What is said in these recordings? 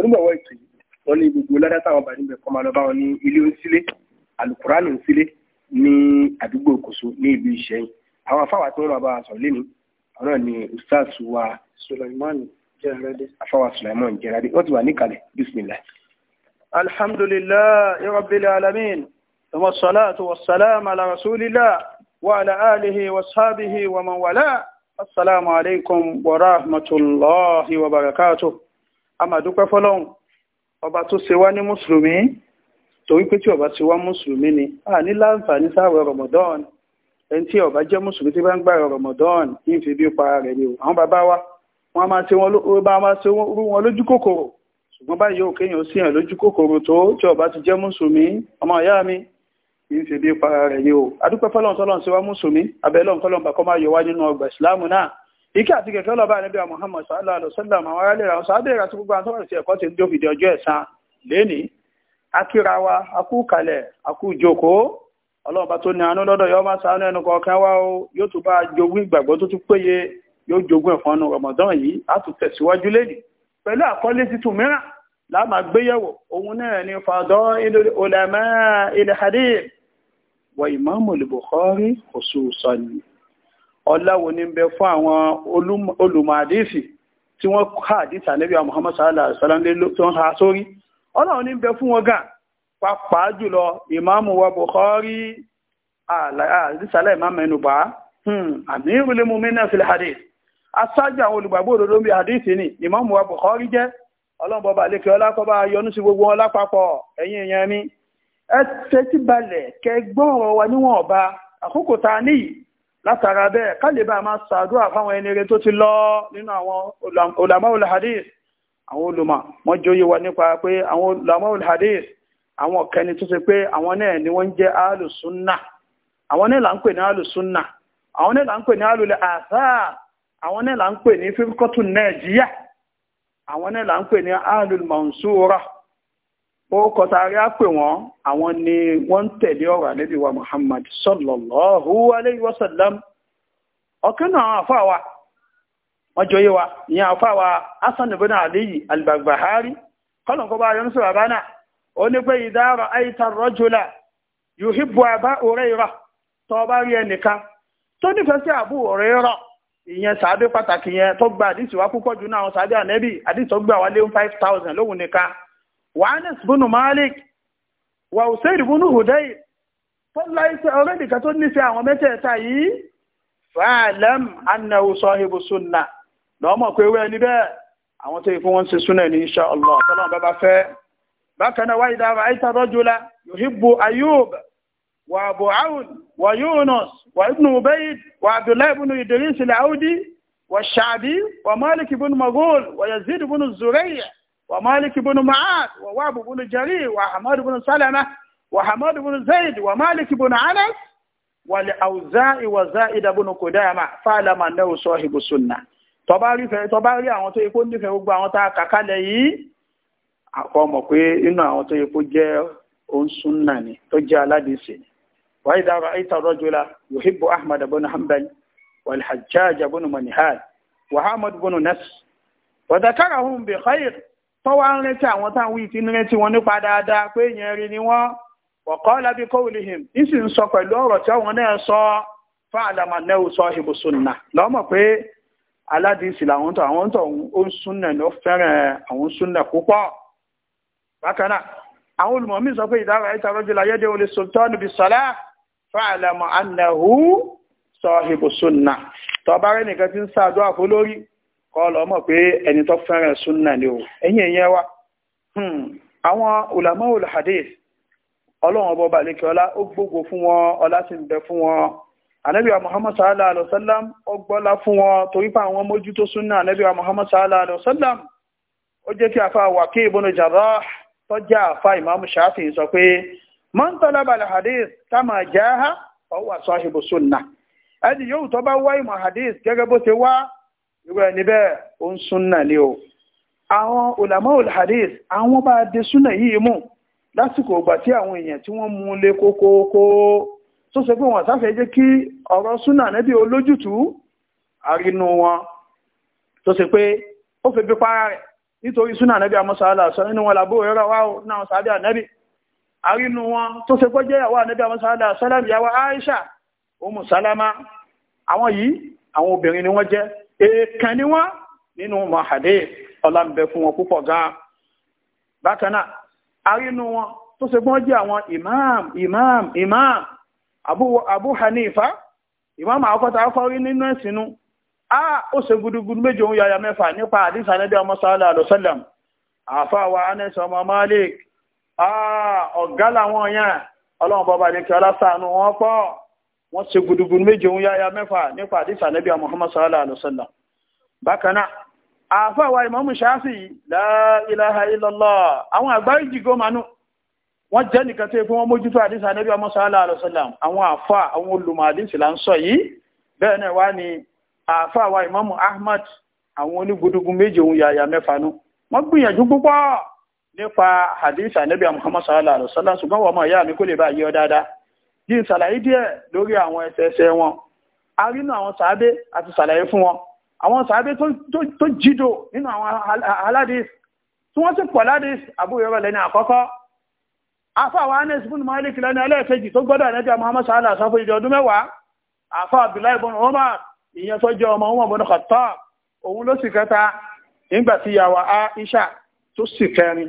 onígbàwọ́ ètò yìí wọ́n ní gbogbo ládàtà àwọn bàdí bẹ̀ kọ́ máa lọ bá wọn ní ilé onísílé alukuranu onísílé ní àdúgbò Kòso ní ìlú Ìṣẹ́yìn àwọn afáwà tí wọ́n máa bá wa sọ̀rọ̀ lẹ́nu àwọn náà ni ustaz wa sulaimani jẹ́rẹ́dẹ́ afáwà sulaimani jẹ́rẹ́dẹ́ wọ́n ti wà níkàlẹ̀ bismillah. alhamdulillahi rabbil alamin wa salatu wa salam ala rasulillah wa ala alihi wa sahbihi wa man wala assalamu alaikum wa rahmatullahi wa barakatuh a máa dúpẹ́ fọ́lọ́hun ọba tó ṣe wá ní mùsùlùmí torí pé tí ọba ṣe wá mùsùlùmí ni a ní láǹfààní sáàwẹ̀ rọmọdán ẹni tí ọba jẹ́ mùsùlùmí tí bá ń gbà rọmọdán kí fi bí pa rẹ̀ ni o àwọn bàbá wa wọ́n máa ṣe rú wọn lójú kòkòrò ṣùgbọ́n báyìí ò kéèyàn sí ẹ̀ lójú kòkòrò tó tí ọba ti jẹ́ mùsùlùmí ọmọ ìyá mi kì í fi bí pa rẹ̀ ni o adúpẹ́ fọ́lọ́hun tọ́lọ́hun ṣe wá mùsùlùmí abẹ́lọ́hun kọ́lọ́hun bàkọ́ máa yọ wá nínú ọgbà ìsìláàmù náà ike àti kẹ̀kẹ́ lọ́ba ànábì Muhammad sallallahu alaihi wasallam àwọn aráàlú ra ọ̀sán abẹ́rẹ́ àti gbogbo àtọ́wọ̀n sí ẹ̀kọ́ ti ń dófìdí ọjọ́ ẹ̀san lẹ́nìí akíra wa akú kalẹ̀ akú jókòó ọlọ́ọ̀bá tó ní àánú lọ́dọ̀ yọ́ máa ṣàánú ẹnu kọ̀ọ̀kan wá o yóò tún bá jogún ìgbàgbọ́ tó tún péye yóò jogún ẹ̀fọn nu Ramadan yìí á tún tẹ̀síwájú lẹ́nìí pẹ̀lú àkọlé titun mìíràn láàmà gbéyẹ̀wò òun náà ni fàdọ́ ulama al-hadith wa Imam al-Bukhari khususan ọláwo ní bẹ fún àwọn olùmọ̀àdísì tí wọ́n ká àdísì ànábì Muhammad sallallahu alaihi wasallam tó ń ha sórí bẹ fún wọn gan pàápàá jùlọ ìmáàmù wa Bukhari àdísì aláìmáàmù ẹnu bá amirul mu'minin fil hadith asájà àwọn olùgbàgbọ́ òdodo ń ni ìmáàmù wa Bukhari jẹ́ ọlákọ́ba sí gbogbo wọn lápapọ̀ mi ẹ látara bẹ́ẹ̀ kálíbà máa ṣàdúrà fáwọn ẹni tó ti lọ nínú àwọn ulama àwọn olùmọ̀ wọ́n jóyè wa nípa pé àwọn ulama ul hadith àwọn kẹni tó ṣe pé àwọn náà ni wọ́n jẹ́ alùsúnnà àwọn náà là ń pè ní alùsúnnà àwọn náà là ń pè ní alùlẹ̀ àṣà àwọn náà là ń pè ní nàìjíríà ó a á pè a àwọn ni wọn ń tẹ̀lé wa Muhammad sallallahu alayhi wa sallam ọkàn náà àfáà wa wọ́n jọ yé wa ìyẹn àfáà wa Hasan ibn Ali al-Barbahari kọ́nà kó bá yọ ó ní pé Abu ìyẹn pàtàkì yẹn tó gba àdìsí wa púpọ̀ jù náà àdìsí tó 5000 lóhun nìkan wàhánà bùnú malik wà usaid bùnú hudai fọ́nlá iṣẹ́ ọlọ́dìkà tó nífẹ̀ẹ́ àwọn mẹ́tẹ̀ẹ̀ta yìí fàálẹ́m annahu sahibu sunna lọ́mọ̀ pé wẹ́ níbẹ̀ àwọn tó ìfún wọn ṣe súnà ní insha Allah tọ́lọ́n bá bá fẹ́ bákan náà wáyé dára àìsà wa yazid ibn zurayya ومالك بن معاذ وواب بن جرير وحماد بن سلمة وحماد بن زيد ومالك بن أنس والأوزاء وزائد بن قدامة فاعلم أنه صاحب السنة tọbaari fẹ tọbaari àwọn tó yẹ kó nífẹ̀ẹ́ gbogbo àwọn tá a kà kalẹ̀ yìí àkọọmọ pé inú àwọn tó yẹ kó jẹ́ onsunna ni tó jẹ́ aládìsí ni wàyí dára àìta rọjòlá yuhibbu ahmad abu hanbal walhajjaj abu manihal wa ahmad nas wa dhakarahum bi khair tọ́wọ́ ń rántí àwọn táwọn ìtì ń rántí wọn nípa dáadáa pé èèyàn rí ni wọ́n ọ̀kọ́ lábí kóòlì him ní sì ń sọ pẹ̀lú ọ̀rọ̀ tí àwọn náà sọ fún àdàmà náà sọ ìbò sunna lọ́mọ̀ pé aládìsí làwọn tó àwọn tó ń sunna ló fẹ́ràn àwọn sunna púpọ̀ bákan náà àwọn olùmọ̀mí sọ pé ìdára ẹ̀ta rọ́jò láyé dé olè sultan bí sọlá fún àdàmà annahu sọ ìbò sunna tọ́ba rẹ̀ nìkan ti ń sáàdọ́ àfọlórí kọ́ lọ mọ̀ pé ẹni tó fẹ́ràn súnà ni o ẹ̀yìn ẹ̀yìn wa hmm, àwọn ulama ul hadith ọlọ́run ọba balẹ̀kẹ́ ọlá ó gbogbo fún wọn ọlá sì ń bẹ fún wọn anabiwa muhammad sallallahu alaihi wa sallam ó gbọ́lá fún wọn torí pé àwọn mójútó súnà anabiwa muhammad sallallahu alaihi wa sallam ó jẹ́ kí afa wàkí ibn jarrah tó jẹ́ afa imam shafi sọ pé man talaba al hadith kama jaha fa huwa sahibu súnà ẹni yóò tó bá wá ìmọ̀ hadith gẹ́gẹ́ bó ṣe wá irú ẹni bẹ́ẹ̀ ó ń súnà ní o àwọn ulama ul hadith àwọn bá dé súnà yìí mú lásìkò ìgbà tí àwọn èèyàn tí wọ́n mú lé kókóókó tó ṣe pé wọ́n sáfẹ́ jẹ́ kí ọ̀rọ̀ súnà níbi olójútùú àrínú wọn tó ṣe pé ó fẹ́ bí para rẹ̀ nítorí súnà nẹ́bí amọ́sàálà sọ nínú wọn làbó ẹ̀rọ wá ò náà sàábí ànẹ́bí àrínú wọn tó ṣe pọ́ jẹ́ ànẹ́bí amọ́sàálà sọ́lá ìyàwó Aisha Umu Salama àwọn yìí àwọn obìnrin ni wọ́n jẹ́ èèkàn ni wọ́n nínú mahadé ọlámbẹ fún wọn púpọ̀ gan-an bákan náà arínú wọn tó ṣe gbọ́n jẹ́ àwọn imam imam imam abu abu hanifa imam àkọ́ta afọ́rí nínú ẹ̀sìnú a ó ṣe gudugudu méje òun yàyà mẹ́fà nípa àdísà nẹ́bí ọmọ sálà àlọ́sọ́lẹ̀m àfáwà anẹ́sì ọmọ malik ọ̀gá làwọn yẹn ọlọ́run bọ́ba ní kí ọlá ṣàánú wọn pọ̀ wọ́n ṣe gudugudu méje ń yáya mẹ́fà nípa àdìsá nẹ́bíà muhammad sallallahu alaihi wasallam bákan náà àfà wa ìmámù ṣáfì la ilaha illallah àwọn àgbáyé jìgó manú wọ́n jẹ́ nìkan tó yẹ pé wọ́n mójútó àdìsá nẹ́bíà muhammad sallallahu alaihi wasallam àwọn àfà àwọn olùmọ̀ àdìsí là ń sọ yìí bẹ́ẹ̀ náà wá ní àfà wa ìmámù ahmad àwọn onígudugun méje ń yáya mẹ́fà nú wọ́n gbìyànjú púpọ̀ nípa àdìsá nẹ́bíà muhammad sallallahu alaihi wasallam ṣùgbọ́n wọ́n mọ̀ ìyá mi kó lè bá yọ dáadáa kí n ṣàlàyé díẹ̀ lórí àwọn ẹsẹẹsẹ wọn a rí nínú àwọn sàábé àti ṣàlàyé fún wọn àwọn sàábé tó jídò nínú àwọn aládìs tí wọ́n sì pọ̀ ládìs àbúrò lẹ́ni àkọ́kọ́ afáwà anes bin malik lẹ́ni ẹlẹ́ẹ̀kejì tó gbọ́dọ̀ ẹ̀nẹ́jà muhammad sallah sọ fún ìdí ọdún mẹ́wàá afá abdullahi bin umar ìyẹn tó jẹ́ ọmọ umar bin khattab òun ló sì kẹta nígbà tí ìyàwó aisha tó sì kẹrin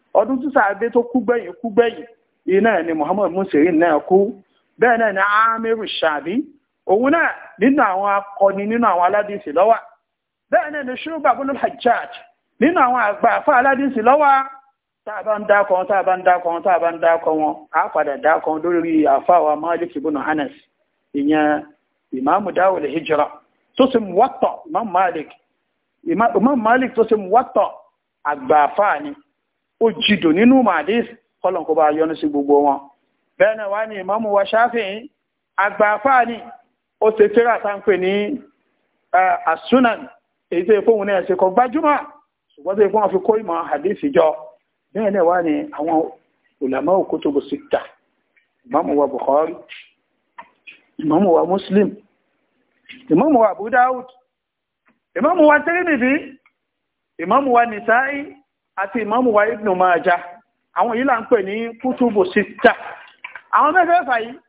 ọdún tí sàádé tó kú gbẹ̀yìn kú gbẹ̀yìn iná ni muhammad musirin náà kú bẹ́ẹ̀ náà ni amiru shabi òun náà nínú àwọn akọni nínú àwọn aládìsí lọ́wà bẹ́ẹ̀ náà ni ṣùgbà bọ́lú hajjaj nínú àwọn àgbà fún aládìsí lọ́wà tá a bá ń dákọ̀ wọn tá a bá ń dákọ̀ wọn tá a bá ń dákọ̀ wọn á padà dákọ̀ wọn lórí àfáwà malik ibn anas ìyẹn ìmáàmù dáwọlì hijra tó sì mú wọ́tọ̀ ìmáàmù malik tó sì mú wọ́tọ̀ àgbà ni ó jìdò nínú màdís kọ́lọ̀n kó bá yọnu sí gbogbo wọn bẹ́ẹ̀ náà wá ní ìmámù wa ṣáfìí àgbàfáà ni ó ṣe tíra tá ń pè ní àsúnan èyí tó fóun náà ṣe kọ gbajúmọ̀ ṣùgbọ́n tó ulama kutubu sitta ìmámù wa Bukhari ìmámù wa Muslim ìmámù wa Abu Dawud ìmámù wa Tirmidhi imamu wa Nisa'i àti ìmáàmù wa Ibn Majah àwọn yìí là ń pè ní kútùbù síta àwọn mẹ́fẹ̀ẹ́fà yìí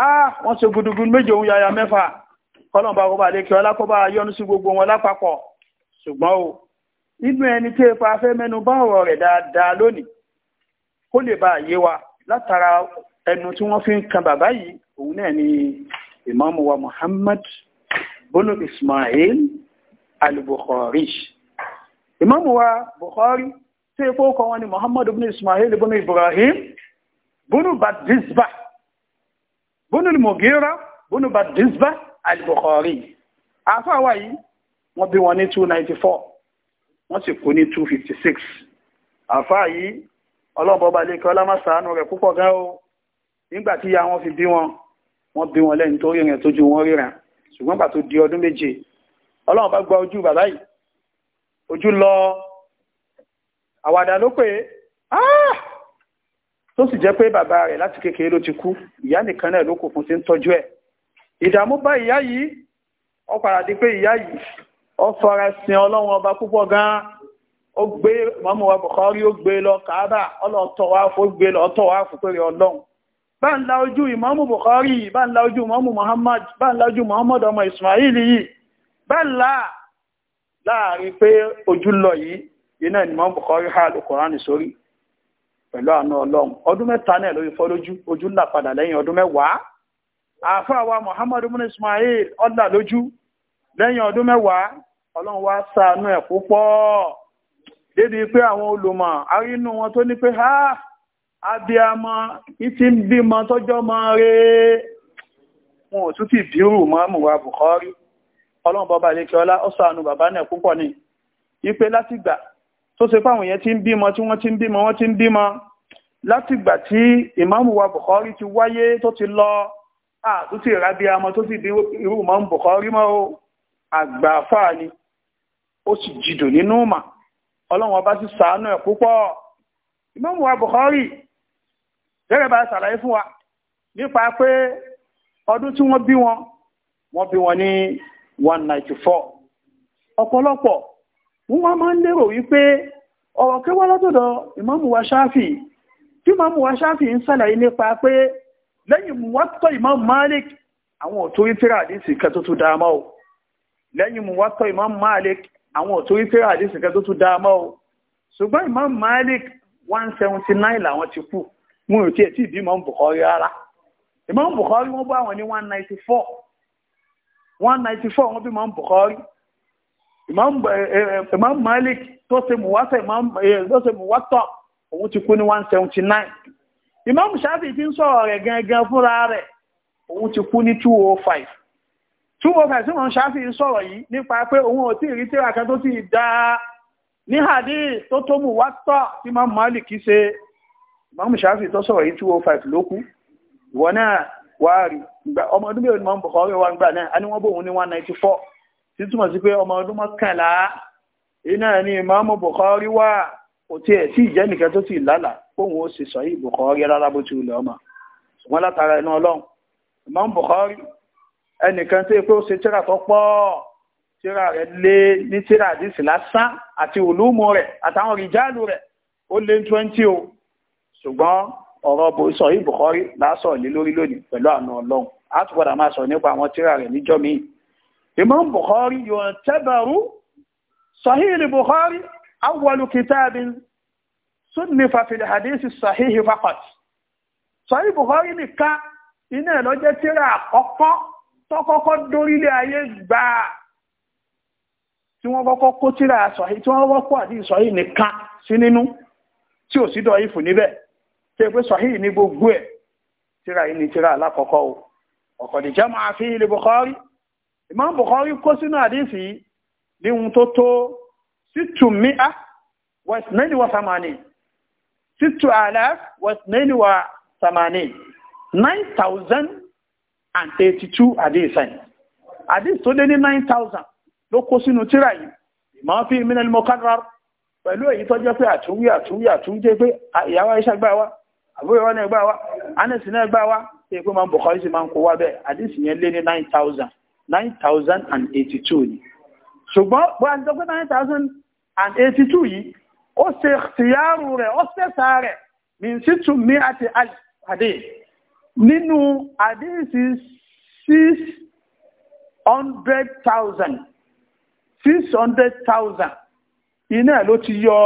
ah wọ́n ṣe gudugun méje ohun yaya mẹ́fà kọ́lọ̀ bá kọba àdékè ọlákọba yọnu sí gbogbo wọn lápapọ̀ ṣùgbọ́n o nínú ẹni tí epa fẹ́ mẹ́nu bá ọ̀rọ̀ rẹ̀ dáadáa lónìí kó lè bá yé wa látara ẹnu tí wọ́n fi ń kan bàbá yìí òun náà ni ìmáàmù wa Muhammad bolo Ismail al-Bukhari ìmáàmù wa Bukhari tí epo kọ wọn ni Muhammadu bin Ismail bin Ibrahim bunu Badisba bunu Mugira bunu Badisba al-Bukhari àfáà wa yìí wọ́n bí wọn ní 294 wọ́n sì kú ní 256 àfáà yìí ọlọ́bọba lè kọ́ lámásàánú rẹ̀ púpọ̀ gan o nígbà tí ya wọn fi bí wọn wọ́n bí wọn lẹ́yìn tó ríran tójú wọn ríran ṣùgbọ́n bàtó di ọdún méje ọlọ́run bá gba ojú bàbá yìí ojú lọ àwàdà ló pé ah! tó sì jẹ́ pé bàbá rẹ̀ láti kékeré ló ti kú ìyá nìkan náà ló kù fún ti ń tọ́jú ẹ̀ ìdààmú bá ìyá yìí ó padà di pé ìyá yìí ó fara sin ọlọ́run ọba púpọ̀ gan-an ó gbé mọ́mú wa Bukhari ó gbé lọ Kaaba ọlọ́tọ̀ wa fó gbé lọ ọtọ̀ wa fún pé ọlọ́run bá ń la ojú ìmọ́mù Bukhari bá ń la ojú ìmọ́mù Muhammad bá ń la ojú Muhammad ọmọ Ismail yìí bá ń la láàrin pé ojúlọ yìí iná ni mọ́n bùkọ́rí ha alukọ̀rán ní sórí pẹ̀lú àánú ọlọ́run ọdún mẹ́ta náà lórí fọ́ lójú ojú ńlá padà lẹ́yìn ọdún mẹ́wàá àáfàá wa Muhammad bin ismail ọ̀là lójú lẹ́yìn ọdún mẹ́wàá ọlọ́run wá ṣàánú ẹ̀ púpọ̀ débi pé àwọn olùmọ̀ arínú wọn tó ní pé ha abiyamọ ìtì ń bímọ tọjọ́ mọ́ rẹ̀ wọn ò tún ti bírù mọ́ mùwà bùkọ́rí ọlọ́run bọba ilé kíọlá ọsọ àánú bàbá náà púpọ̀ ni ipe látìgbà tó ṣe fáwọn èèyàn ti ń bímọ tí wọ́n ti ń bímọ wọ́n ti ń bímọ látìgbà tí ìmáàmù wa Bukhari ti wáyé tó ti lọ àtúntì ìrábí amọ tó sì bí irú ìmáàmù Bukhari mọ́ o àgbà àfáà ni ó sì jìdò nínú mà ọlọ́run ọba sì ṣàánú ẹ̀ púpọ̀ ìmáàmù wa Bukhari gẹ́gẹ́ bá ṣàlàyé fún wa nípa pé ọdún tí wọ́n bí wọn wọ́n bí wọn ní one ninety four ọ̀pọ̀lọpọ̀ wọ́n wá máa ń lérò wípé ọ̀rọ̀ kẹwàá látọ̀dọ̀ ìmáàmù wa ṣáfì tí ìmáàmù wa ṣáfì ń sàlàyé nípa pé lẹ́yìn muwátọ́ ìmáàmù malik àwọn òtórí tíra àdísì kẹ tó tún dáamọ́ o lẹ́yìn muwátọ́ ìmáàmù malik àwọn òtórí tíra àdísì kẹ tó tún dáamọ́ o ṣùgbọ́n ìmáàmù malik one seventy nine làwọn ti kú wọn ò tiẹ̀ tí ìbí ìmáàmù bukhari rárá ìmáàmù bukhari wọ́n bá wọn ní one ninety four one ninety four wọn bí imam bukhari imam eh, eh, eh, imam malik tó ṣe muwasa imam tó ṣe muwata òun ti kú ní one seventy nine imam shafi ti ń sọ̀rọ̀ rẹ̀ gangan fúnra rẹ̀ òun ti kú ní two o oh five two o oh five tí imam shafi ń sọ̀rọ̀ yìí nípa pé òun ò tí ì rí tíra kan tó ti dá ní hadith tó tó muwata tí imam malik ṣe imam shafi tó sọ̀rọ̀ yìí two o oh five ló kú ìwọ náà wáàrí ọmọ ọdún mẹ́rin mọ́ Bukhari wa gbà náà a ní wọ́n bóun ní 194 tí túmọ̀ sí pé ọmọ ọdún mọ́kànlá iná ní Imam Bukhari wà kò tí ẹ̀ sí ìjẹ́ nìkan tó sì lálà bóun ó sì sọ yìí Bukhari rárá bó ti wù lọ́mọ ṣùgbọ́n látara iná ọlọ́run Imam Bukhari ẹnìkan tó yẹ pé ó ṣe tíra tó pọ̀ tíra rẹ̀ lé ní tíra àdìsí lásán àti òlùmọ̀ rẹ̀ àtàwọn rìjáàlù rẹ̀ ó lé 20 o ṣùgbọ́n ọ̀rọ̀ sọ̀yìn Bukhari lásọ̀ lé lórí lónìí pẹ̀lú àna ọlọ́run a tún padà máa sọ nípa àwọn tíra rẹ̀ níjọ́ míì Imam Bukhari yóò tẹ́bẹ̀rú sọ̀hìn Bukhari awwalu kitabin sunnifa fil hadith sahih faqat sọ̀hìn Bukhari nìkan iná ẹ̀ lọ́jẹ́ tíra àkọ́kọ́ tọ́kọ́kọ́ dórílé ayé gbà tí wọ́n kọ́kọ́ kó tíra sọ̀hìn tí wọ́n kọ́kọ́ àdí nìkan sí nínú tí ò sí dọ̀ ìfù níbẹ̀ tí ẹ pé sọ̀hí ní gbogbo ẹ̀ tíra yìí ni tíra alákọ̀ọ́kọ́ o ọ̀kọ̀dìjẹ́ máa fi ilé Bukhari Imam Bukhari kó sínú àdísì ní ohun tó tó sítù míà wẹ̀sìnẹ́lì wa samani sítù àlàf wẹ̀sìnẹ́lì wa samani nine thousand and eighty-two àdísàn àdísì tó lé ní nine thousand ló kó sínú tíra yìí ìmọ̀ fi min al-mukarrar pẹ̀lú èyí tó jẹ́ pé àtúwí àtúwí àtúwí jẹ́ pé ìyàwó iṣẹ́ gbá àbúrò wọn náà gbà wá anẹ́sì náà gbà wá tí èkó máa ń Bukhari sì máa ń kó wá bẹ́ẹ̀ àdísì yẹn lé ní 9,000 9,082 ni ṣùgbọ́n bọ́ àti tọ́pẹ́ 9,082 yìí ó ṣe tìyàrù rẹ̀ ó ṣẹ̀ṣà rẹ̀ ní sítú mi àti àdé nínú àdísì 600,000 600,000 iná ló ti yọ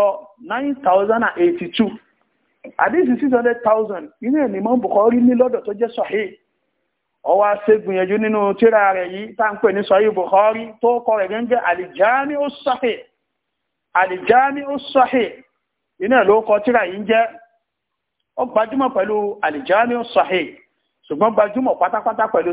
9,082 àdéhùn six hundred thousand inú ẹ̀ ní ní lọ́dọ̀ tó jẹ́ sahih ọwọ́ aṣègbìyànjú nínú tíra rẹ̀ yìí tá ń pè ní sahih Bukhari tó kọ rẹ̀ gẹ́gẹ́ àlìjáni ó sahih àlìjáni ó inú ẹ̀ ló tíra yìí ń jẹ́ ó gbajúmọ̀ pẹ̀lú ó ṣùgbọ́n gbajúmọ̀ pátápátá pẹ̀lú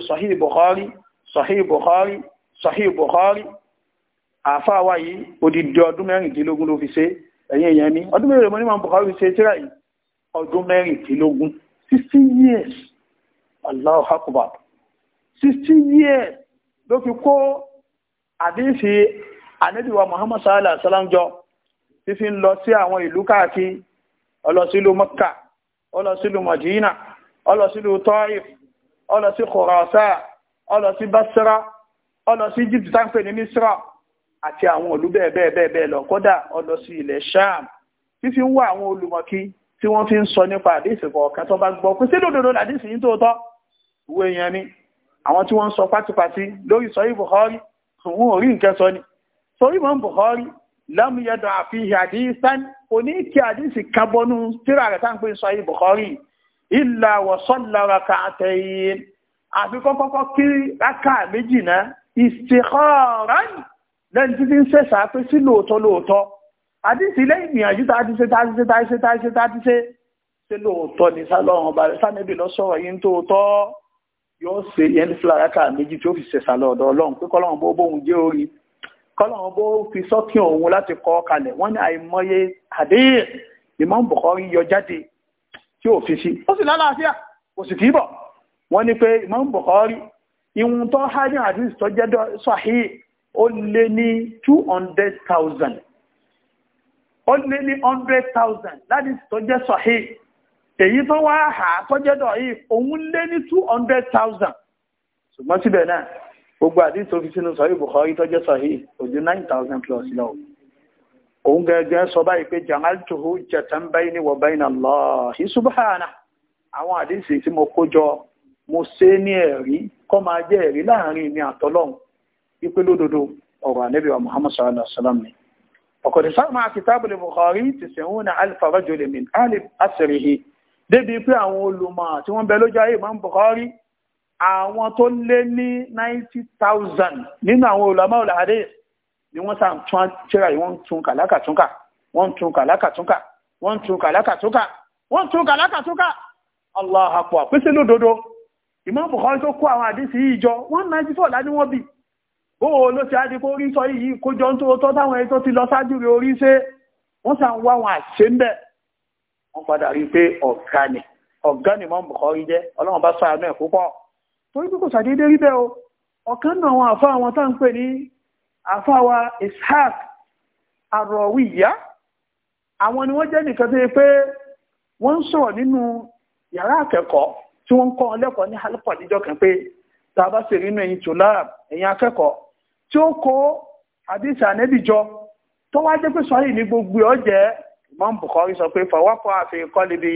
ọdún mẹ́rìndínlógún sixty years Allahu Akbar sixty years ló fi kó àdéhìsí ànẹ́bíwá Muhammad sallallahu alaihi wasallam jọ fífi ń lọ sí àwọn ìlú káàkiri ó lọ sílùú Mẹ́kà ó lọ sílùú Mọ̀dínà ó lọ sílùú Tọ́ìf ó lọ sí Kùrọ̀sá ó lọ sí Basra ó lọ sí Egypt táǹpẹ̀ ní Misra àti àwọn ìlú bẹ́ẹ̀ bẹ́ẹ̀ bẹ́ẹ̀ lọ kódà ó lọ sí ilẹ̀ Sham fífi ń wá àwọn olùmọ̀kí tí wọ́n fi ń sọ nípa àdísì kọ̀ọ̀kan tó bá gbọ́ pé sídòdòdó àdísì yìí tó tọ́ ìwé èèyàn ni àwọn tí wọ́n ń sọ pátípátí lórí sọ́yí Bukhari òun ò rí nǹkan sọ ni sọ́yí mọ́ Bukhari lámúyẹ́dọ̀ àfihàn àdísán kò ní kí àdísì kábọ́nú tíra rẹ̀ tá ń pè sọ́yí Bukhari ìlà wọ̀sọ́lá raka àtẹ̀yìn àfi kọ́kọ́kọ́ kí rákà méjì náà ìsìkọ́ọ̀rán lẹ́ni títí ń sẹ́sà pé sí lóòótọ́ lóòótọ́ àti ìsìlẹ̀ ìgbìyànjú tá a ti ṣe tá a ti ṣe tá a ti ṣe tá a ti ṣe tá a ti ṣe ṣe lóòótọ́ ni sálọ́run ọba rẹ̀ sánẹ́bì lọ sọ̀rọ̀ yìí ń tóótọ́ yóò ṣe yẹn ní fúlàrákà méjì tí ó fi ṣẹ̀ṣà lọ́dọ̀ ọlọ́run pé kọ́lọ́run bó bóun jẹ́ orí kọ́lọ́run bó fi sọ́kì òun láti kọ́ kalẹ̀ wọ́n ní àìmọye àdéhìí Imam Bukhari yọ jáde tí ò fi sí ó sì lálàáfíà kò sì fíbọ̀ wọ́n ní pé Imam Bukhari ìwọ̀n tó hajj àdéhìí tó jẹ́ sahih ó lé ní two hundred thousand ó 100,000 láti tó jẹ́ sọ̀hí èyí tó wá hà tó jẹ́ dọ̀hí òun lé ní 200,000 ṣùgbọ́n síbẹ̀ náà gbogbo àdí tó fi sínú sọ̀hí Bukhari tó jẹ́ sọ̀hí òjú 9,000 plus lọ òun gẹ́gẹ́ sọ báyìí pé jàmáltòhó jẹ̀tàn báyìí ní wọ̀báyìí náà lọ́ọ̀hí subhana àwọn àdíṣe tí mo kó jọ mo ṣe ní ẹ̀rí kọ́ máa jẹ́ ẹ̀rí láàrin mi àtọ́lọ́hun wípé ọ̀rọ̀ ànábì wa Muhammad sallallahu alaihi wa sallam ni ọ̀kọ̀dé sáàmà kìtàbùlì Bukhari ti sẹ̀wọ́n ní alfarajole min alif asirihi débi pé àwọn olùmọ̀ tí wọ́n bẹ lójú ayé Imam Bukhari àwọn tó lé ní 90,000 nínú àwọn olùmọ̀ olùhadé ni wọ́n sàn tún àtìrà yìí wọ́n tún kàlákàtúnkà wọ́n tún kàlákàtúnkà wọ́n tún kàlákàtúnkà wọ́n tún kàlákàtúnkà Allah àpò àpèsè lódodo Imam Bukhari tó kó àwọn àdìsí yìí jọ 194 lá ní wọ́n bóò ló ti ko kó rí sọ yìí kójọ ń tó tọ́ táwọn ti lọ sáájú rẹ̀ orí ṣe wọ́n sàn wá wọn àṣẹ ń bẹ̀ wọ́n padà rí pé ọ̀gá ni ọ̀gá ni mọ́n bùkọ́rí jẹ́ ọlọ́run bá sáà náà púpọ̀ torí pé kò sàdédé rí bẹ́ẹ̀ o ọ̀kan náà àwọn àfáà wọn tá ń pè ní àfáà wa Ishaq arọ̀wí ìyá àwọn ni wọ́n jẹ́ nìkan tó yẹ pé tí ó kó àdìsí ànẹ́bìjọ tó wá jẹ́ pé sọ́yìn ní gbogbo ọ̀jẹ́ Imam Bukhari sọ pé fọwọ́pọ̀ àfikọ́ níbi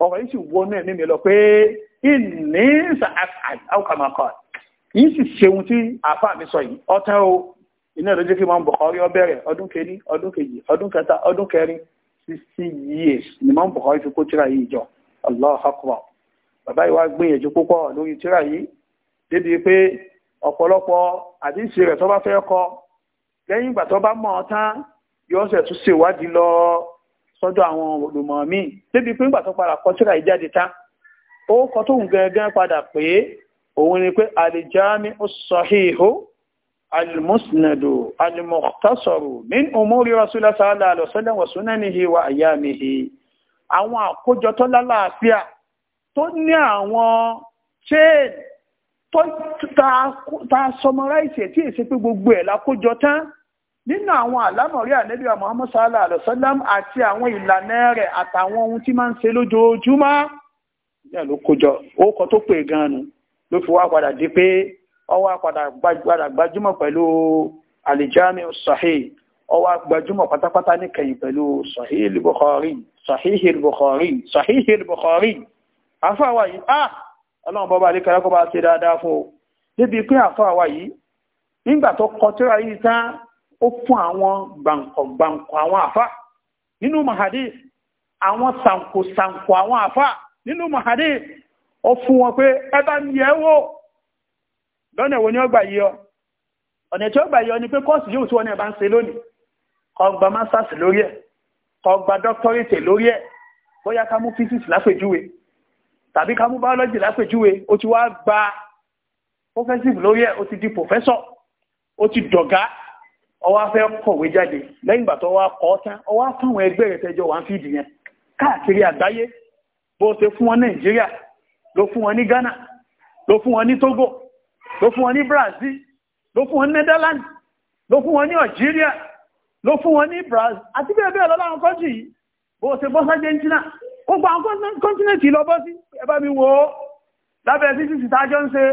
ọ̀rọ̀ yìí sì wọnú ẹ̀mí mi lọ pé ìní àwòkàmọ̀kọ̀ yìí sì ṣeun tí àáfàá mi sọ yìí ọ̀tán o iná ìlú jẹ́ kí Imam Bukhari ó bẹ̀rẹ̀ ọdún kẹni ọdún kejì ọdún kẹta ọdún kẹrin sixty years ni Imam Bukhari fi kó tíra yìí jọ Allahu Akbar bàbá yìí wá gbìyànjú púpọ̀ lórí tíra yìí débi pé ọ̀pọ̀lọpọ̀ àdíṣe rẹ̀ tó bá fẹ́ kọ lẹ́yìn ìgbà tó bá mọ̀ ọ́ tán yóò ṣẹ̀ tún ṣèwádìí lọ sọ́dọ̀ àwọn olùmọ̀ míì débi pé ìgbà tó padà kọ síra ìjáde tán ó kọ tóun gẹ́gẹ́ padà pé òun ni pé àlìjámi ó sọ̀híhó alìmúsìnàdò alìmọ̀tásọ̀rò ní òmórí rasúlá sáàlá àlọ́sọ́lẹ̀ wọ̀súnà ní ta sọmọráìsì ẹ̀ tí èsì pé gbogbo ẹ̀ lákójọ tán nínú àwọn àlámọ̀rí ànábì Muhammad sallallahu alaihi wasallam àti àwọn ìlànà rẹ̀ àtàwọn ohun tí máa ń ṣe lójoojúmọ́ ìyá ló kójọ orúkọ tó pè gan-an ló fi wá padà di pé ọwọ́ padà gbajúmọ̀ pẹ̀lú alijami sahih ọwọ́ gbajúmọ̀ pátápátá níkẹyìn pẹ̀lú sahih al-Bukhari sahih al-Bukhari sahih al-Bukhari afáwáyé ah ọlọ́run bọ́bá lè kẹ́lẹ́kọ́ bá ṣe dáadáa fún o níbi pé àfáà wa yìí nígbà tó kọ tí ra yìí tán ó fún àwọn gbàǹkọ̀gbàǹkọ̀ àwọn àfá nínú mahadi àwọn sàǹkòsàǹkò àwọn àfá nínú mahadi ó fún wọn pé ẹ bá ń yẹ̀ wò lọ́nà ìwò ni ó gbà yí ọ ọ̀nà tí ó gbà yí ọ ni pé kọ́ọ̀sì yóò tí wọ́n náà bá ń ṣe lónìí kó gba masters lórí ẹ̀ kó gba doctorate lórí ẹ̀ bóyá ká mú physics lápèjúwe tàbí ká mú biology lápèjúwe ó ti wá gba professive lórí ẹ̀ o ti di professor o ti dọ̀gá ọwọ́ afẹ́ kọ̀wé jáde lẹ́yìn ìgbà tó wá kọ́ tán ọwọ́ fáwọn ẹgbẹ́ rẹ̀ tẹ́jọ wà ń fìdí yẹn káàkiri àgbáyé bó ṣe fún wọn Nàìjíríà ló fún wọn ní Ghana ló fún wọn ní Togo ló fún wọn ní Brazil ló fún wọn ní Netherlands ló fún wọn ní Algeria ló fún wọn ní Brazil àti bẹ́ẹ̀ bẹ́ẹ̀ lọ kọ́jú yìí bó ṣe bọ́ gbogbo àwọn kọ́ntínẹ̀tì lọ bọ́ sí ẹbá mi wo lábẹ́ sí sí ìtajọ́ ń ṣe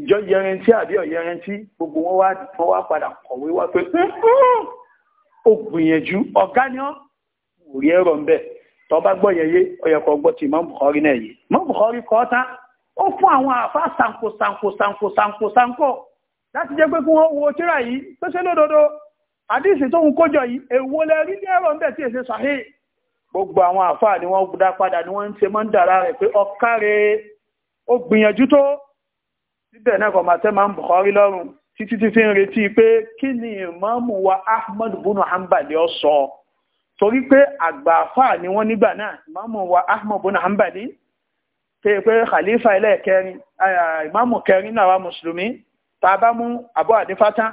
ìjọ yẹrẹntí àbí ọ̀yẹrẹntí gbogbo wọn wá padà kọ̀wé wá pé ó gbìyànjú ọ̀gá ni ọ́ rí ẹ̀rọ ń bẹ̀ tó bá gbọ́ yẹyẹ ọ̀yẹ̀kọ̀ gbọ́ ti Imam Bukhari náà yìí Imam Bukhari kọ́ tán ó fún àwọn àfá sanko sanko sanko sanko sanko láti jẹ́ pé kí wọ́n wo tíra yìí tó ṣe lódodo àdìsí tóun kójọ yìí èwo lẹ rí ní ẹ̀rọ ń bẹ̀ tí èsè sàhéè gbogbo àwọn àfáà ni wọ́n dá padà ni wọ́n ń ṣe mọ́ ń dàra rẹ̀ pé ọ̀káre ó gbìyànjú tó síbẹ̀ náà kọ̀ màtẹ́ máa ń Bukhari lọ́rùn títí tí fi ń retí pé kí ni ìmáàmù wa Ahmed bunu Hanbali ọ sọ torí pé àgbà àfáà ni wọ́n nígbà náà ìmáàmù wa Ahmed bunu Hanbali pé pé khalifa ẹlẹ́ẹ̀kẹrin ìmáàmù kẹrin náà wa mùsùlùmí tá a bá mú Abu àdífátá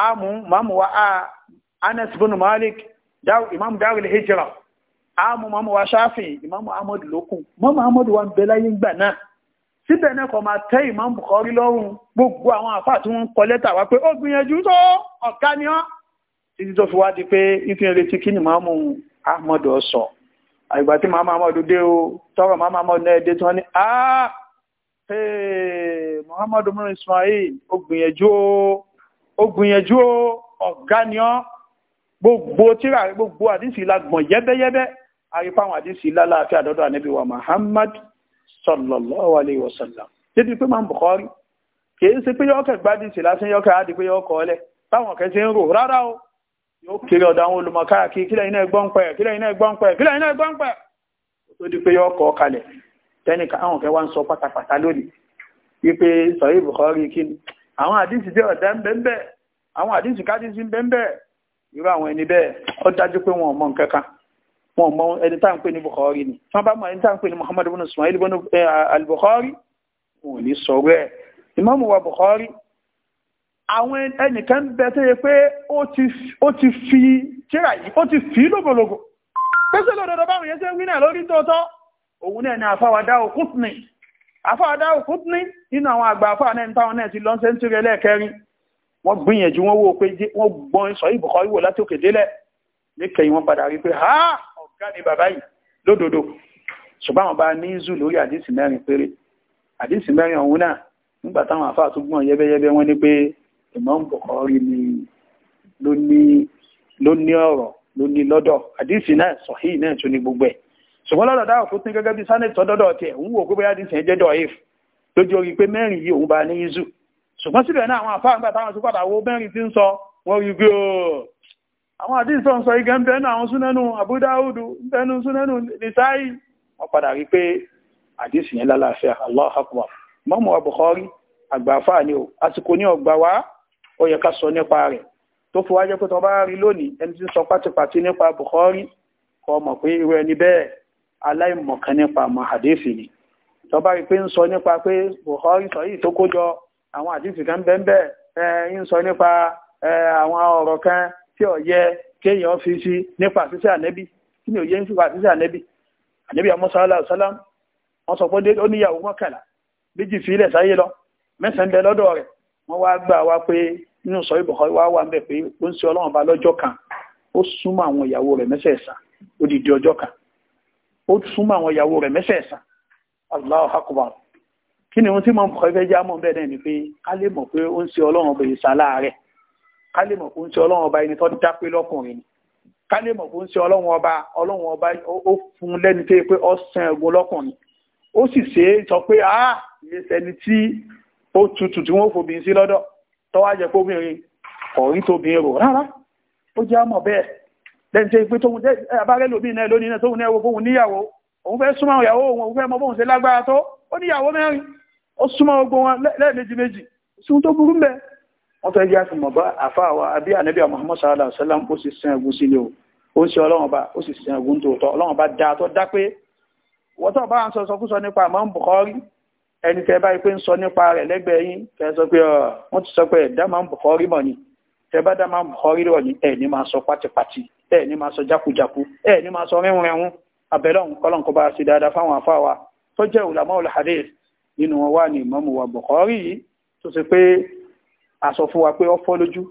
a mú ìmáàmù wa Anas bunu Malik imam darul hijra àmú mọ́mú wa ṣáfì ìmọ́mú ahmadu lókun mọ́mú ahmadu wa ń bẹ láyé ńgbà náà síbẹ̀ náà kọ̀ máa tẹ́ ìmọ́mú Bukhari lọ́rùn gbogbo àwọn àfáà tí wọ́n ń kọ lẹ́tà wá pé ó gbìyànjú tó ọ̀gá ni ọ́ títí tó fi wá di pé ìfihàn retí kí ni mọ́mú ahmadu sọ àgbà tí mọ́mú ahmadu dé o tọrọ mọ́mú ahmadu náà dé tí wọ́n ní á muhammadu murray ismail ó gbìyànjú o ó gbìyànjú o ọ̀gá ni ọ́ gbogbo tíra gbogbo àdìsí la gbọ̀n yẹ́bẹ́yẹ́bẹ́ àyípa àwọn àdìsí lálàáfíà dọ́dọ̀ ànábì wa Muhammad sallallahu alayhi wa sallam débi pé máa ń Bukhari kìí ṣe pé yọ́kẹ̀ gbádìsí lásán yọ́kẹ̀ á di pé yọ́kọ̀ ọlẹ̀ táwọn kẹ́ ṣe ń o kiri ọ̀dọ̀ àwọn olùmọ̀ káàkiri kílẹ̀ iná ẹgbọ́n pẹ̀ kílẹ̀ iná di wá ń sọ pátápátá lónìí wípé Bukhari kí àwọn tí ń wọn mọ ẹni tá à ń pè ní Bukhari ni wọn bá mọ ẹni tá à ń pè ní Muhammad bin Ismail bin eh, al-Bukhari wọn ò ní sọ̀rọ̀ ẹ Imam wa Bukhari àwọn ẹnìkan bẹ tó yẹ pé ó ti fi tíra yìí ó ti fi lóbòlóbò pèsè lòdòdó báwọn yẹn ṣe ń wínà lórí tóótọ́ òun náà ni àfáwádá òkútùnì àfáwádá òkútùnì nínú àwọn àgbà àfáà náà táwọn náà ti lọ sẹ́ńtúrì ẹlẹ́ẹ̀kẹrin wọ́n gbìyànjú wọ́n wò pé wọ́n gbọ́n sọ ìbùkọ́ ìwò láti òkè délẹ̀ níkẹyìn wọn padà rí pé háà gáàdì bàbá yìí lódodo ṣùgbọ́n àwọn bá ní zù lórí àdísì mẹ́rin péré àdísì mẹ́rin ọ̀hún náà nígbà táwọn àfáà tó gbọ́n yẹ́bẹ́yẹ́bẹ́ wọ́n ní pé Imam Bukhari ni ló ní ọ̀rọ̀ ló ní lọ́dọ̀ àdísì náà sọ̀hí náà tún ní gbogbo ẹ̀ ṣùgbọ́n lọ́dọ̀ if lójú orí pé mẹ́rin yìí òun bá ní zù ṣùgbọ́n síbẹ̀ náà àwọn àfáà àwọn àdínsọ̀ ń sọ igẹ́ ń bẹ́nu àwọn súnẹ́nu àbúdáwùdù ń bẹ́nu súnẹ́nu nìsáì wọ́n padà rí pé àdínsì yẹn lálàáfíà Allahu akbar mọ́mù Bukhari àgbàfà ni o àsìkò ní ọgbà wá ó yẹ ká sọ nípa rẹ̀ tó fi wájẹ́ pé tó bá rí lónìí ẹni tí ń sọ pátipàti nípa Bukhari kò mọ̀ pé irú ẹni bẹ́ẹ̀ aláìmọ̀kan nípa àmọ́ àdínsì ni tó bá rí pé ń sọ nípa pé Bukhari sọ yìí tó kójọ àwọn àdínsì kan bẹ́ẹ̀ ń sọ nípa àwọn ọ̀rọ̀ kan tí ò yẹ kéèyàn fi sí nípa àṣìṣe ànẹ́bí kí ni ò yẹ nípa àṣìṣe ànẹ́bí ànẹ́bí àmúṣá aláàṣálám wọ́n sọ pé ó níyàwó mọ́kànlá méjì fílẹ̀ sáyé lọ mẹ́sàn-án bẹ lọ́dọ̀ rẹ̀ wọ́n wá gbà wá pé nínú sọ ìbùkọ́ wá wà ń bẹ̀ pé ó ń ṣe ọlọ́run ba lọ́jọ́ kan ó súnmọ́ àwọn ìyàwó rẹ̀ mẹ́sẹ̀ẹ̀sán odidi ọjọ́ kan ó súnmọ́ àwọn ìyàwó rẹ̀ mẹ́sẹ̀ẹ̀sán Allahu akbar kí ni ohun tí mọ̀ ń kọ́ ẹgbẹ́ jẹ́ àmọ́ bẹ́ẹ̀ náà ni pé ká lè mọ̀ pé ó ń ṣe ọlọ́run bẹ̀rẹ̀ sá láàárẹ̀ kálímọ̀ kò ń ṣe ọlọ́run ọba ẹni tó dá pé lọ́kùnrin ni kálímọ̀ kò ń ṣe ọlọ́run ọba ọlọ́run ọba ó fún lẹ́ni tó yẹ pé ọ̀sán ẹ̀gún lọ́kùnrin ó sì ṣe é sọ pé a ìyẹsẹ̀ ni tí ó tutù tí wọ́n fòbìn sí lọ́dọ̀ tọ́wá jẹ́ kóbìnrin ọ̀rí tóbìnrin rò rárá ó jẹ́ àmọ̀ bẹ́ẹ̀ lẹ́ni tó yẹ pé tóun jẹ́ abárẹ́ lóbìn náà lónìí náà tóun náà wo fóun níyàwó òun fẹ́ súnmọ́ ìyàwó wọ́n fẹ́ yá fìmọ̀ bá àfáàwà àbí ànábíà Muhammad sallallahu alaihi wasallam ó sì sin ẹ̀gún sílé o ó sì ọlọ́run bá ó sì sin ẹ̀gún tòótọ́ ọlọ́run bá dáa tó dá pé wọ́n tó bá ń sọ sọkúsọ nípa àmọ́ ń Bukhari ẹni tẹ́ báyìí pé ń sọ nípa rẹ̀ lẹ́gbẹ̀ẹ́ yín tẹ́ sọ pé wọ́n ti sọ pé ẹ̀dá máa ń Bukhari mọ̀ ni tẹ́ bá dá ń Bukhari rọ̀ ni ẹ̀ ní máa sọ pátípátí ẹ̀ máa sọ jákujàku ẹ̀ máa sọ rírun rẹ̀hún abẹ́lọ́hún a sọ fún wa pé ó fọ́ lójú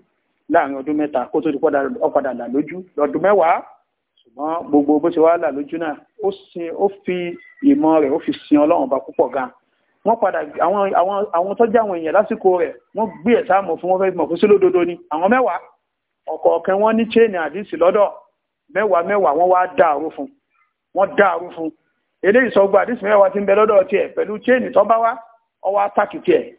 láàrin ọdún mẹ́ta kó tó ti padà là lójú lọ́dún mẹ́wàá ṣùgbọ́n gbogbo bó ṣe wá là lójú náà ó sin ó fi ìmọ̀ rẹ̀ ó fi sin ọlọ́run ọba púpọ̀ gan wọ́n padà àwọn àwọn àwọn tó jẹ́ àwọn èèyàn lásìkò rẹ̀ wọ́n gbé ẹ̀ sáàmù fún wọn fẹ́ mọ̀ fún sí lódodo ni àwọn mẹ́wàá ọ̀kọ̀ọ̀kan wọ́n ní chain àdìsí lọ́dọ̀ mẹ́wàá mẹ́wàá wọ́n wá dàrú fún wọ́n dàrú fún eléyìí sọ gba àdìsí mẹ́wàá ti ń bẹ lọ́dọ̀ tiẹ̀ pẹ̀lú chain tó bá wá ọwọ́ àtàkì tiẹ̀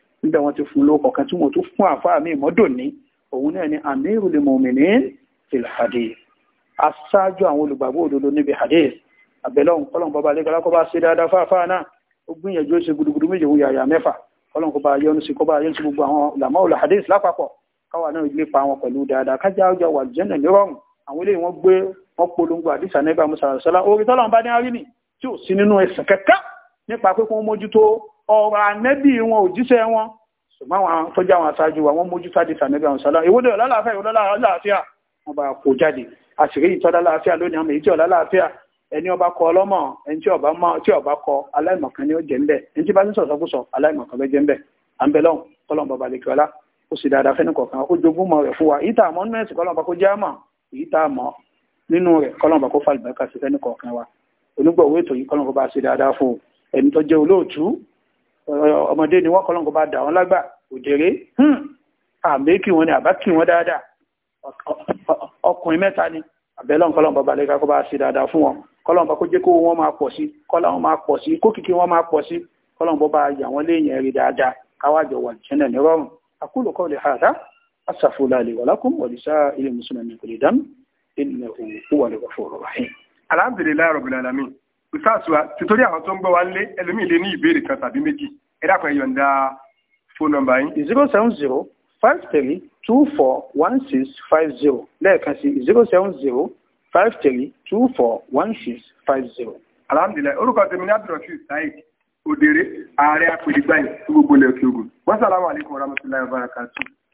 nígbà wọn ti fún lóko kan tí wọn tún fún àfáà mi mọ́dọ̀ ní òun náà ni amirul mu'minin fil hadith aṣáájú àwọn olùgbàgbọ́ òdodo níbi hadith àbẹ̀lẹ̀ òun kọ́lọ́n bọ́ba lẹ́gbẹ̀rẹ́ kọ́ bá ṣe dáadáa fáfáà náà ó gbìyànjú ṣe gudugudu méje wo yàyà mẹ́fà kọ́lọ́n kó bá yọnu sí kó bá yọnu sí gbogbo àwọn làmọ́ òlà hadith lápapọ̀ káwa náà ilé pa wọn pẹ̀lú dáadáa kájà ọjà wà jẹ́nà nírọ̀rùn àwọn eléyìí wọ́n gbé wọ́n polongo àdìsá nígbà musa àrùsọ́lá orí tọ́lọ́n ọ̀rọ̀ ànẹ́bì wọn òjíṣẹ́ wọn ṣùgbọ́n àwọn tó já wọn aṣáájú wa wọ́n mójú sáde sànẹ́bì àwọn sálá ìwọ́dẹ ọ̀lálàáfíà ìwọ́lálàáfíà wọn bá kó jáde àṣírí ìtọ́lálàáfíà lónìí àmì ìjọ ọ̀lálàáfíà ẹni ọba kọ ọlọ́mọ ẹni tí ọba mọ tí ọba kọ aláìmọ̀kan ni ó jẹ́ ńbẹ̀ ẹni tí bá ní sọ̀sọ́kùsọ aláìmọ̀kan ló jẹ́ ńbẹ̀ à ń bẹ lọ́hùn kọ́lọ́n bàbá lè kíọ́lá ó sì dáadáa fẹ́ni kọ̀ọ̀kan ó jogún mọ́ rẹ̀ fún wa ìta àmọ́ nínú ẹ̀sìn kọ́lọ́n bá kó jẹ́ àmọ́ ìta àmọ́ nínú rẹ̀ kọ́lọ́n bá kó fa ìbẹ̀rẹ̀ kà sí fẹ́ni kọ̀ọ̀kan wa onígbọ̀wé ètò yìí kọ́lọ́n bá ṣe dáadáa fún ẹni tó jẹ́ olóòtú ọmọdé ni wọ́n kọ́lọ́n kó bá dà wọ́n lágbà òjèrè hmm, àmì kí wọ́n ni àbá kí wọ́n dáadáa ọkùnrin mẹ́ta ni àbẹ́lọ́n kọ́lọ́n bọ́ balẹ̀ kó bá ṣe dáadáa fún wọn kọ́lọ́n bọ́ kó jẹ́ kó wọ́n máa pọ̀ sí kọ́lọ́n máa pọ̀ sí kó kìkì wọ́n máa pọ̀ sí kọ́lọ́n bọ́ bá yà wọ́n léèyàn rí dáadáa káwájọ wà jẹ́nà ní rọrùn aqulu qawli hadha astaghfirullaha li wa lakum wa lisa'iril muslimina min kulli dhanbin innahu huwal ghafurur rahim alhamdulillahi rabbil alamin ìsáàsùwà títorí àwọn tó ń gbọ́ wa lé ẹlòmíì lé ní ìbéèrè kan tàbí méjì ẹ dákun ẹ yọ̀ǹda fóònù yín. zero seven zero five three two four one six five zero lẹ́ẹ̀kan sí zero seven zero five three two four one six five zero. alhamdulilayi orúkọ tèmi ní abdulrasheed saheed òdèrè ààrẹ apèlégbáyé tó gbogbo ilẹ̀ òkè ògùn wasalaamu alaykum wa rahmatulahi wa barakatuh.